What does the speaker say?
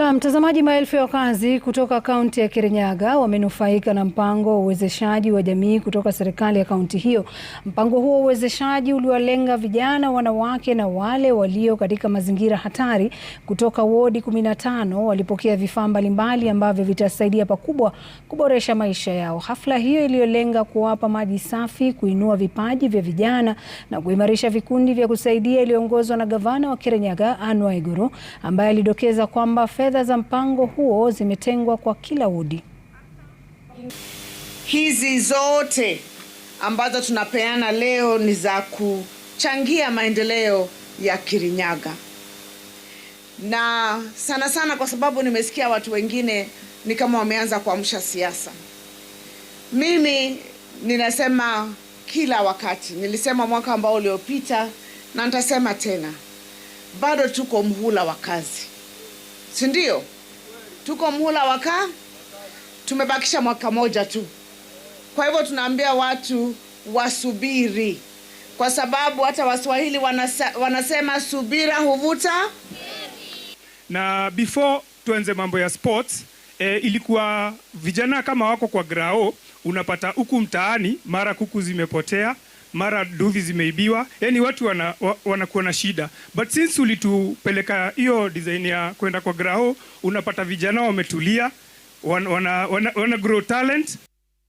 Na mtazamaji, maelfu ya wakazi kutoka kaunti ya Kirinyaga wamenufaika na mpango wa uwezeshaji wa jamii kutoka serikali ya kaunti hiyo. Mpango huo wa uwezeshaji uliwalenga vijana, wanawake na wale walio katika mazingira hatari kutoka wodi 15 walipokea vifaa mbalimbali ambavyo vitasaidia pakubwa kuboresha maisha yao. Hafla hiyo iliyolenga kuwapa maji safi, kuinua vipaji vya vijana na kuimarisha vikundi vya kusaidia iliyoongozwa na gavana wa Kirinyaga, Anne Waiguru ambaye alidokeza kwamba fedha za mpango huo zimetengwa kwa kila wodi. Hizi zote ambazo tunapeana leo ni za kuchangia maendeleo ya Kirinyaga, na sana sana kwa sababu nimesikia watu wengine ni kama wameanza kuamsha siasa. Mimi ninasema kila wakati, nilisema mwaka ambao uliopita na nitasema tena, bado tuko mhula wa kazi si ndio? Tuko mhula waka, tumebakisha mwaka moja tu. Kwa hivyo tunaambia watu wasubiri, kwa sababu hata Waswahili wanasa, wanasema subira huvuta. Na before tuanze mambo ya sports E, ilikuwa vijana kama wako kwa grao, unapata huku mtaani mara kuku zimepotea mara duvi zimeibiwa, yani watu wanakuwa wana na shida, but since ulitupeleka hiyo design ya kwenda kwa Graho, unapata vijana wametulia, wana, wana, wana, wana grow talent.